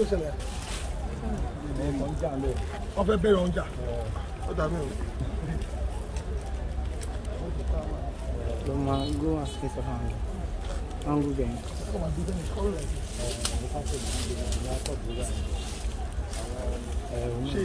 ló ṣẹlẹ̀ wọ́n fẹ́ bẹ̀rẹ̀ ọjà ó dàbí o. ló máa ń gbó àti kẹsàn án lọ ń gbó bẹ́ẹ̀. ṣé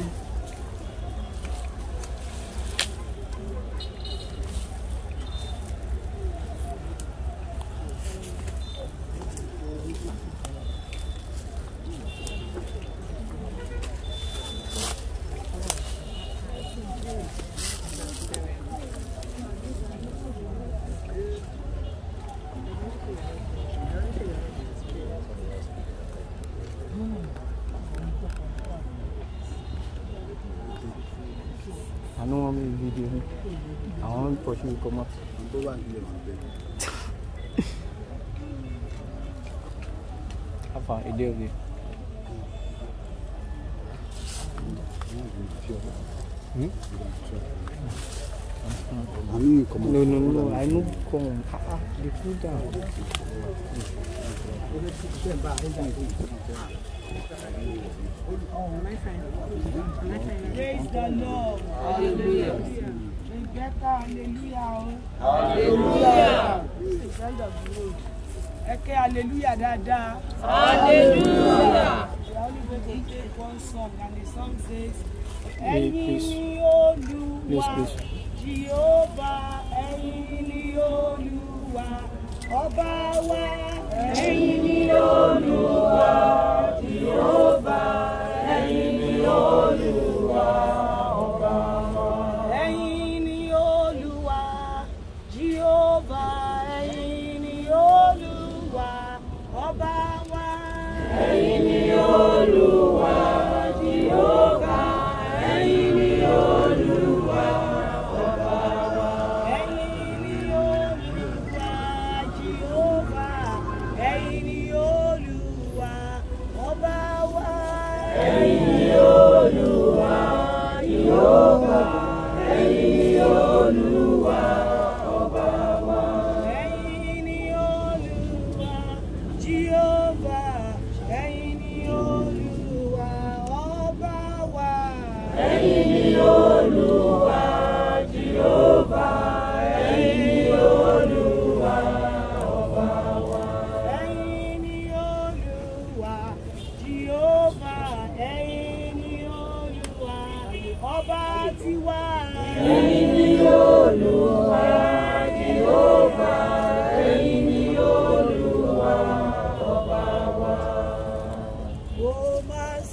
wà nílẹ̀ máa bẹ̀. afa èdè òde. Hmm? hmm? No, no, no, I know The the Lord. Hallelujah. Hallelujah. Hallelujah. This is the end of the road. Ẹkẹ́ hallelujah dáadáa. We only going one song and the song says, Ẹyin ni Olúwa, Jehovah, ẹyin wa ọba wa ẹ̀yin ni olúwa Jèhófà.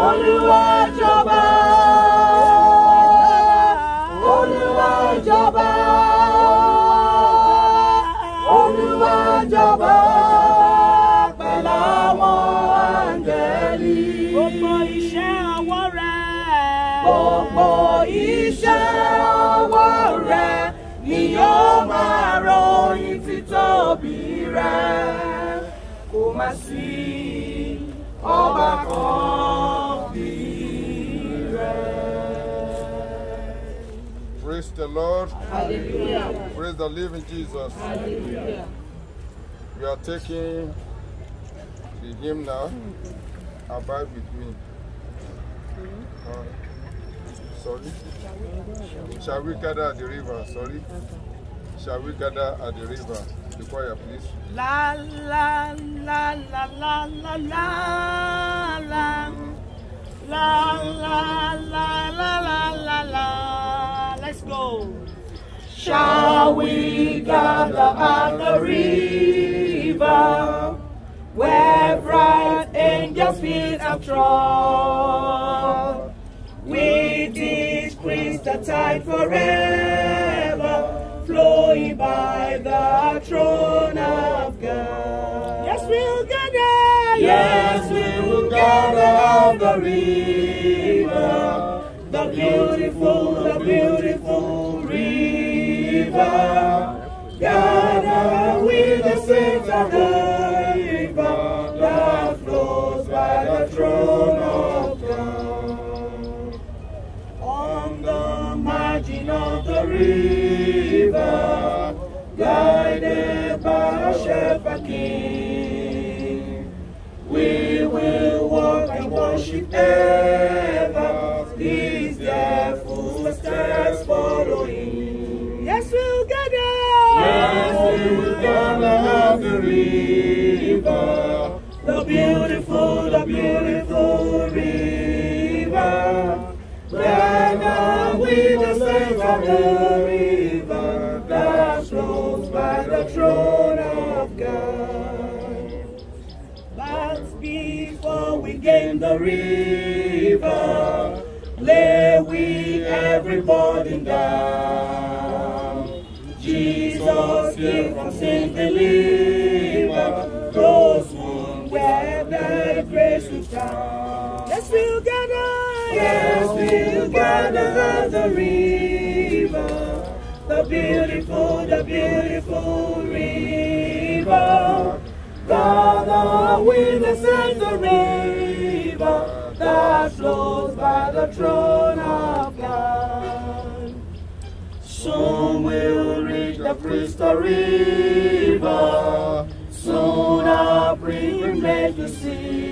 olúwa jọba olúwa jọba olúwa jọba pẹ̀lú àwọn áńgẹ́lì. gbogbo iṣẹ́ ọwọ́ rẹ̀. gbogbo iṣẹ́ ọwọ́ rẹ̀ ni yóò máa ròyìn títóbi rẹ̀ kò má sí ọba kan. Praise the Lord. Hallelujah. Praise the living Jesus. Hallelujah. We are taking the hymn now. Abide with me. Uh, sorry. Shall we gather at the river? Sorry. Shall we gather at the river? The choir, please. La la la la la la la la la la la la la la la Let's go. Shall we gather at the river where bright angels' feet have trod? With this crystal tide forever flowing by the throne of God. Yes, we'll gather. Yes, we will gather at the river. The beautiful, the beautiful the saints flows by the throne of God. On the margin of the river, guided by a shepherd king, we will walk and worship ever. these there for for river, the beautiful, the beautiful river. Then we the saints of the river that flows by the throne of God. But before we gain the river, lay we every burden down. Jesus, give from sin believe. Let's Yes, gather. Yes, we'll gather the river. The beautiful, the beautiful river. Gather with us witnesses the river that flows by the throne of God. Soon we'll reach the crystal river. Soon our bring we make the sea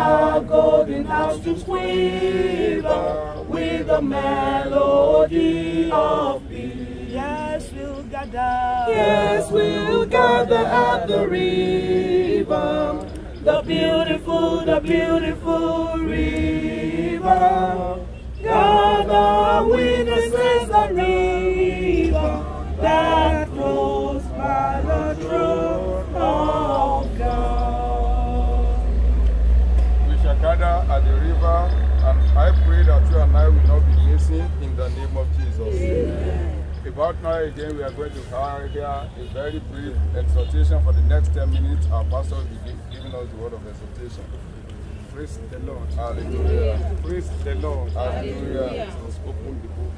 are golden house to quiver with the melody of peace. Yes, we'll gather. Yes, we'll gather at the river. The beautiful, the beautiful river. Gather witnesses the river that at the river, and I pray that you and I will not be missing in the name of Jesus. Amen. About now again, we are going to have here a very brief exhortation for the next 10 minutes. Our pastor will be giving us the word of exhortation. Praise the Lord. Hallelujah. Praise the Lord. Hallelujah. Let's open the book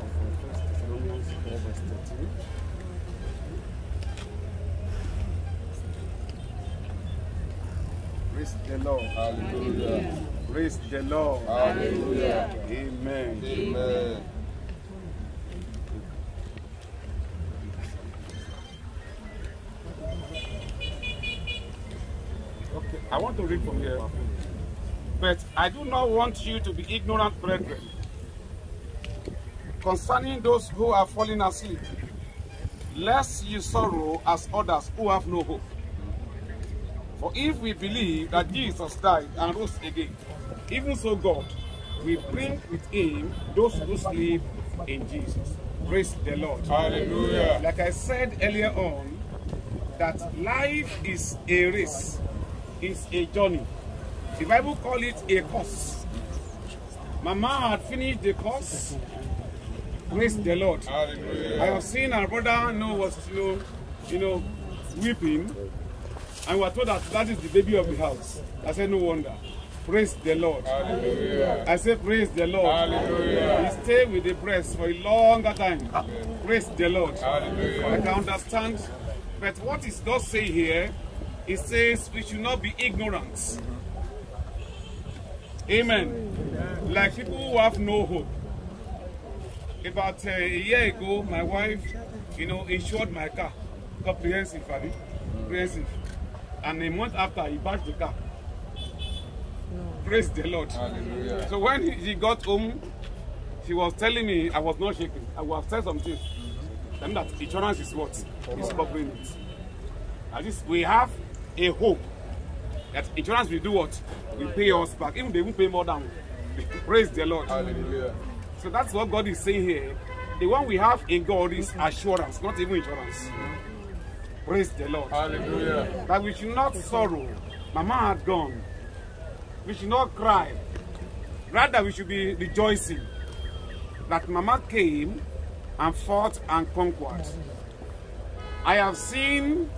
of 1 Thessalonians 4 verse 13. Praise the Lord. Hallelujah. Praise the Lord. Hallelujah. Amen. Amen. Okay, I want to read from here. But I do not want you to be ignorant, brethren, concerning those who are falling asleep, lest you sorrow as others who have no hope. For if we believe that Jesus died and rose again, even so God will bring with him those who sleep in Jesus. Praise the Lord. Hallelujah. Like I said earlier on, that life is a race, is a journey. The Bible call it a course. Mama had finished the course. Praise the Lord. Hallelujah. I have seen our brother you know, was you know, you know, weeping And we were told that that is the baby of the house. I said, no wonder. Praise the Lord. Hallelujah. I say, praise the Lord. Hallelujah. He stayed with the breast for a longer time. Amen. Praise the Lord. Hallelujah. I can understand. But what is God saying here? He says we should not be ignorant. Amen. Like people who have no hope. About a year ago, my wife, you know, insured my car. Comprehensive, Abby. Comprehensive and a month after he bashed the car. Praise the Lord. Hallelujah. So when he, got home, she was telling me I was not shaking. I would have said something. things. Mm-hmm. Then that insurance is what? It's covering it. At least we have a hope that insurance will do what? Will pay us back. Even they will pay more than praise the Lord. Hallelujah. So that's what God is saying here. The one we have in God is assurance, not even insurance. Mm-hmm. Praise the Lord. Hallelujah. That we should not sorrow. Mama had gone. We should not cry. Rather, we should be rejoicing that Mama came and fought and conquered. I have seen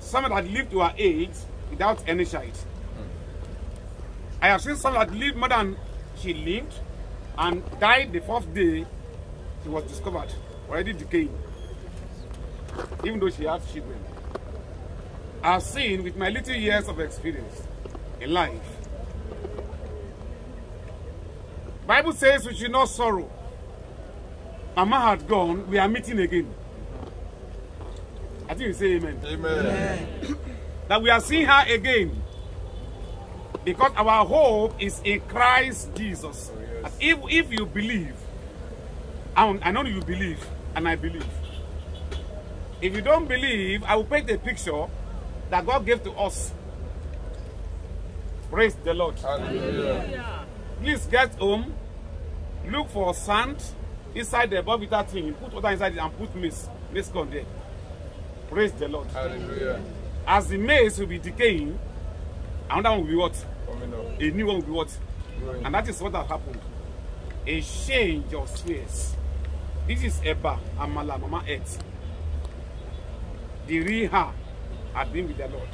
someone that lived to her age without any child. I have seen someone that lived more than she lived and died the fourth day she was discovered, already decaying even though she has children. I've seen with my little years of experience in life. Bible says we should not sorrow. Mama had gone, we are meeting again. I think you say amen. Amen. amen. That we are seeing her again. Because our hope is in Christ Jesus. Oh, yes. If, if you believe, I know you believe, and I believe. If you don't believe, I will paint a picture that God gave to us. Praise the Lord. Hallelujah. Please get home. Look for sand inside the bobita thing. Put water inside it and put mist. Mist on there. Praise the Lord. Hallelujah. As the maize will be decaying, another one will be what? A new one will be what? And that is what has happened. A change of spheres. This is Eba Amala Mama Earth. The real had been with the Lord.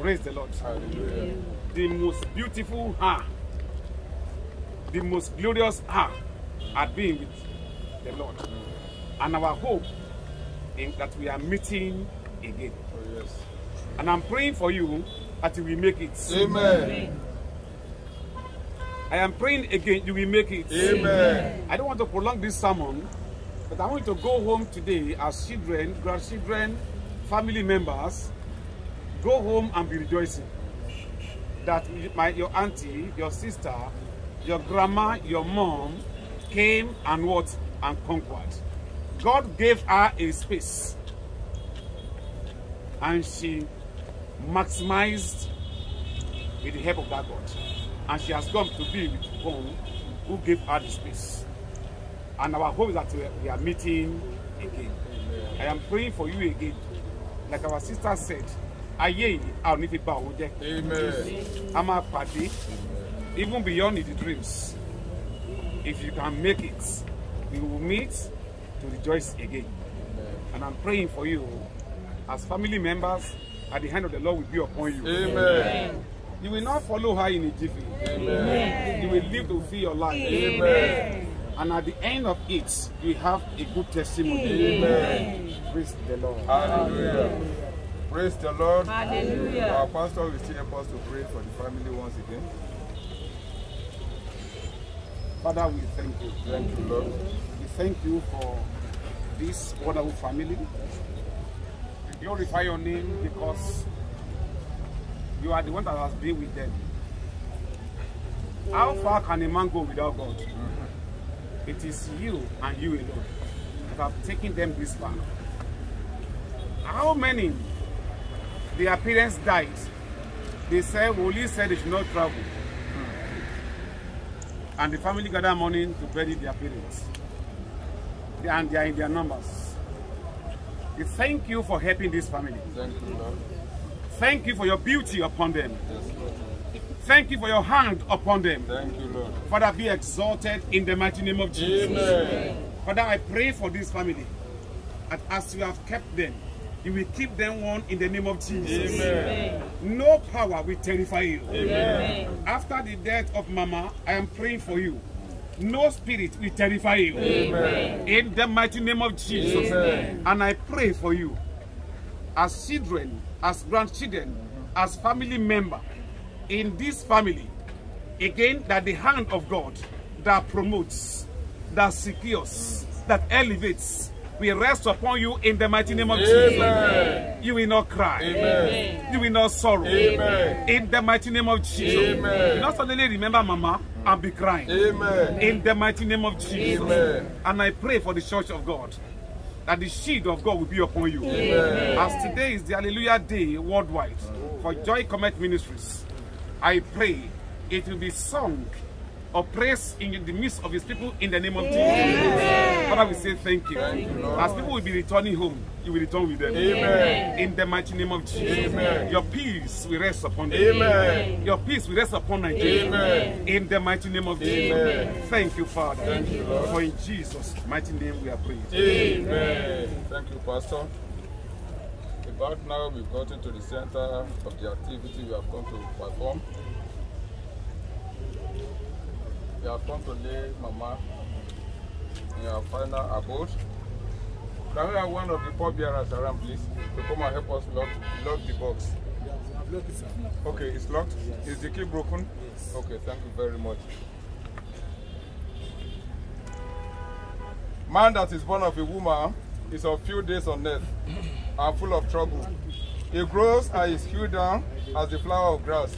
Praise the Lord. Hallelujah. The most beautiful her, the most glorious her had been with the Lord. And our hope is that we are meeting again. Oh, yes. And I'm praying for you that you will make it. Amen. Amen. I am praying again, you will make it. Amen. I don't want to prolong this sermon, But I want to go home today as children, grandchildren, family members, go home and be rejoicing that my, your auntie, your sister, your grandma, your mom came and what? And conquered. God gave her a space and she maximized with the help of that God. And she has come to be with home who gave her the space. And our hope is that we are meeting again. I am praying for you again. Like our sister said, ayé yìí a ò ní fi bà òun jẹ́. A máa even beyond the dreams. If you can make it, we will meet to rejoice again. And I'm praying for you as family members at the hand of the Lord will be upon you. Amen. Amen. You will not follow her in a jiffy. Amen. You will live to see your life. Amen. Amen. And at the end of it, we have a good testimony. Amen. Praise the Lord. Hallelujah. Praise the Lord. Hallelujah. Our pastor will still help us to pray for the family once again. Father, we thank you. Thank you, Lord. We thank you for this wonderful family. We glorify your name because you are the one that has been with them. How far can a man go without God? Mm -hmm. It is you and you alone that have taken them this far. How many their parents died? They said, Woli said they should not travel. Hmm. And the family gathered money to bury their parents. And they are in their numbers. thank you for helping this family. Thank you, Lord. Thank you for your beauty upon them. Yes, Lord. Thank you for your hand upon them. Thank you, Lord. Father, be exalted in the mighty name of Jesus. Amen. Father, I pray for this family. And as you have kept them, you will keep them one in the name of Jesus. Amen. No power will terrify you. Amen. After the death of Mama, I am praying for you. No spirit will terrify you. Amen. In the mighty name of Jesus. Amen. And I pray for you. As children, as grandchildren, as family member, in this family, again, that the hand of God that promotes, that secures, that elevates, will rest upon you in the mighty name of Jesus. You will not cry. Amen. You will not sorrow. Amen. In the mighty name of Jesus. Amen. You not suddenly remember mama and be crying. Amen. In the mighty name of Jesus. Amen. And I pray for the church of God that the shield of God will be upon you. Amen. As today is the Hallelujah Day worldwide for Joy Comet Ministries. I pray it will be sung or praised in the midst of his people in the name of Amen. Jesus. Father, we say thank you. Thank you As people will be returning home, you will return with them. Amen. In the mighty name of Jesus. Amen. Your peace will rest upon them. Amen. Your peace will rest upon Nigeria. Amen. In the mighty name of Jesus. Amen. Thank you, Father. Thank you, Lord. For in Jesus' mighty name we are praying. Amen. Thank you, Pastor. But now we've gotten to the center of the activity we have come to perform. We have come to lay Mama in our final abode. Can we have one of the pop bearers around, please, to come and help us lock, lock the box? Okay, it's locked? Yes. Is the key broken? Yes. Okay, thank you very much. Man that is born of a woman is a few days on earth. are full of trouble. It grows and is hewed down as the flower of grass.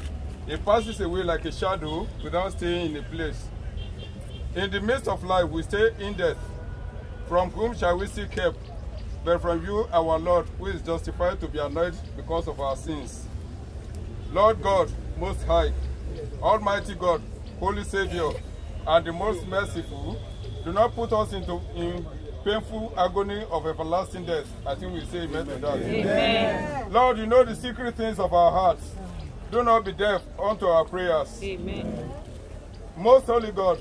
It passes away like a shadow without staying in a place. In the midst of life, we stay in death. From whom shall we seek help? But from you, our Lord, who is justified to be annoyed because of our sins. Lord God, Most High, Almighty God, Holy Savior, and the Most Merciful, do not put us into in painful agony of everlasting death. I think we say amen to that. Amen. Lord, you know the secret things of our hearts. Do not be deaf unto our prayers. Amen. Most holy God,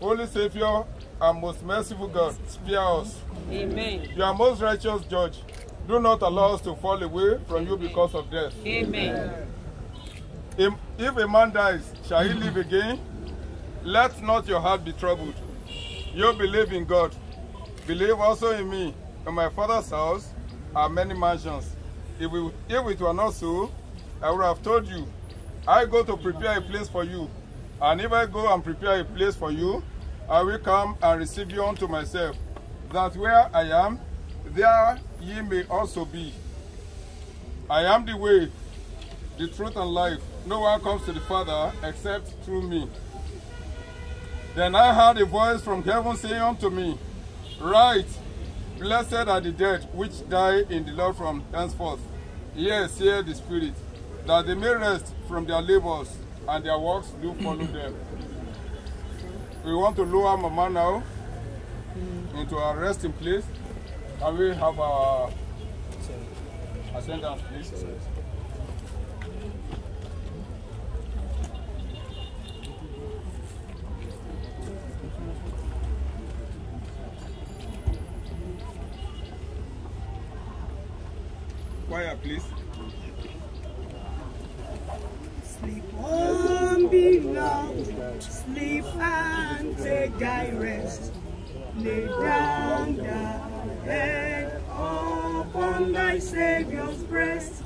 holy Savior, and most merciful God, spare us. Amen. You are most righteous judge. Do not allow us to fall away from Amen. you because of death. Amen. If a man dies, shall he live again? Let not your heart be troubled. You believe in God Believe also in me. In my father's house are many mansions. If, we, if it were not so, I would have told you, I go to prepare a place for you. And if I go and prepare a place for you, I will come and receive you unto myself, that where I am, there ye may also be. I am the way, the truth, and life. No one comes to the Father except through me. Then I heard a voice from heaven saying unto me, Right, blessed are the dead which die in the Lord from henceforth. Yes, hear the Spirit, that they may rest from their labors, and their works do follow them. We want to lower Mama now into our resting place, and we have our ascendance, please. choir, please. Sleep on, beloved, sleep and take thy rest. Lay down thy head upon thy Saviour's breast.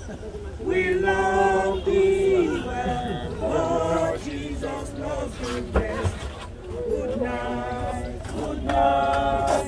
We love thee well, oh Jesus loves thee best. Good night, good night.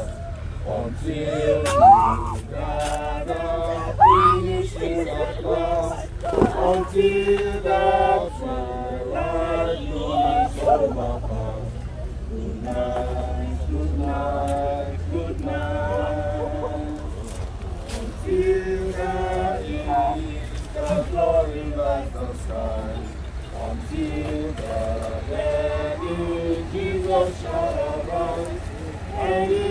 until we gather finishes across, until the twilight is over. Good night, good night, good night, until the evening, the glory lights the sky, until the day Jesus shall arise.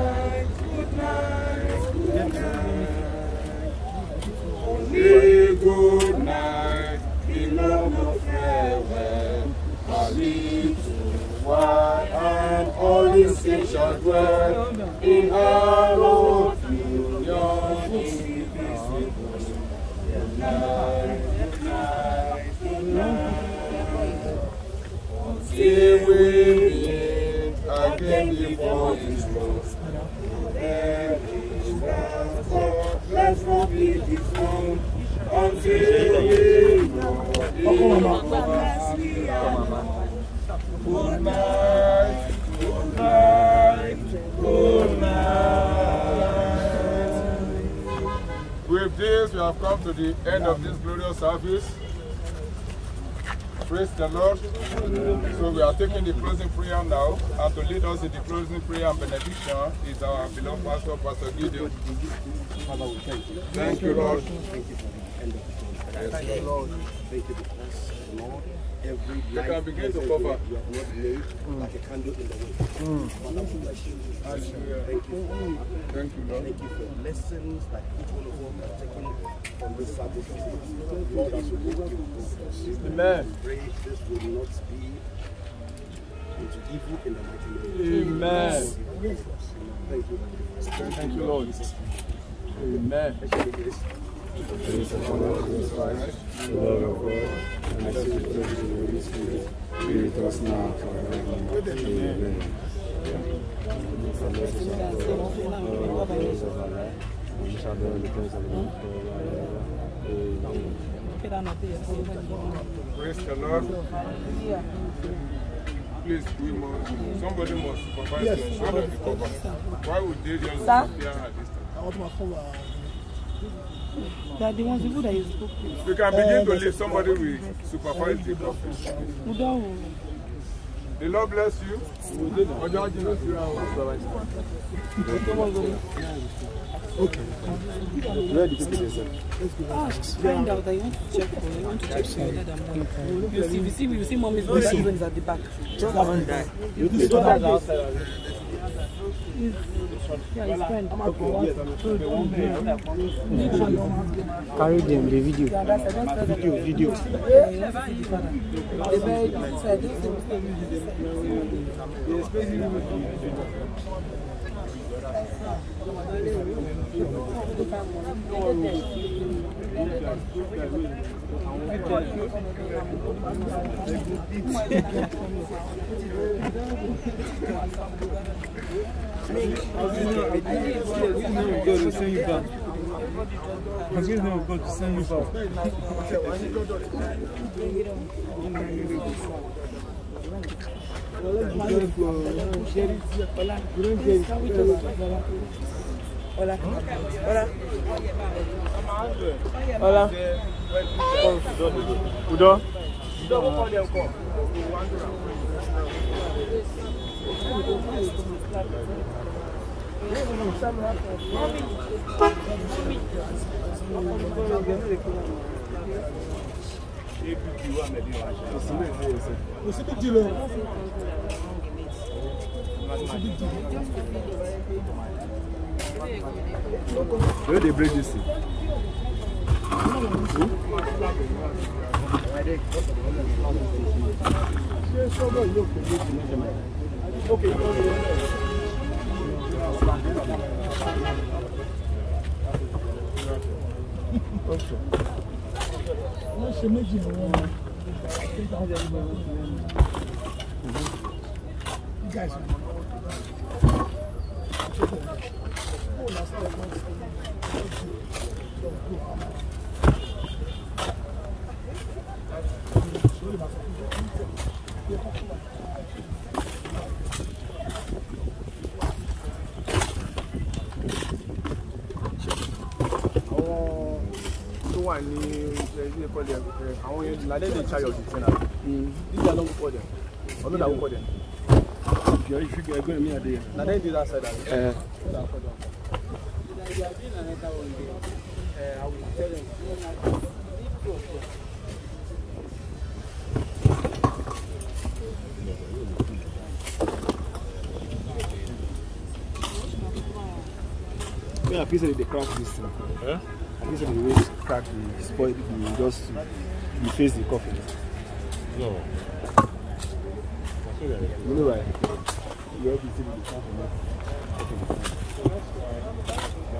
What an holy station dwell in hallowed union indivisible. The night, night, we meet again before His cross. let's not be dethroned until we know Him. Bless me, Good night, good night, good night. With this, we have come to the end of this glorious service. Praise the Lord. So we are taking the closing prayer now. And to lead us in the closing prayer and benediction is our beloved pastor, Pastor Gideon. thank you. Thank you, Lord. Thank you for the end of the Thank you, Lord. Thank you Lord every you can begin to cover. You have not made mm. like a candle in the wind. Mm. Thank you. Thank you, Lord. Thank you for lessons that each one of us are taken from this service. Lord, as we give Amen. Pray this will not be into evil in the mighty name. Amen. Thank you. Thank you, Lord. Amen. Pensa falar com os pais, logo que mas se o prejuízo e trouxe na Praise the Lord. Yeah. Please, we must, é must supervise yes, them. Why would they just be there at this time? That the ones people that you spoke with. You can begin uh, to leave. somebody with supervisory profit. The Lord bless you. Okay. Where did you put yourself? Ask, find out. I want to check for you. I want to check for you. you see, you see, you see, mom is at the back. You see, you see, you see, Carry them, the video. Video, video. Thank you. Mas eles não gostam de sangue igual. Grande Voilà. Voilà. Voilà. Voilà. Voilà. Voilà. Where they break this thing? Okay. Okay. Wọ́n ṣe méjì ni wọ́n ń bá. You guys. call them. Uh, àwọn yẹn na dem dey charge of the ten ant. This guy no go call them. Ọdún na go call them. Yọ̀ọ́ ìṣúgbọ́n ẹgbẹ́ Na dem dey that side another one day, I Yeah, I feel like crack this thing. Huh? I feel like they eh? always crack the spoil the just the face the coffin. No. You know why? You already see the coffin. Okay.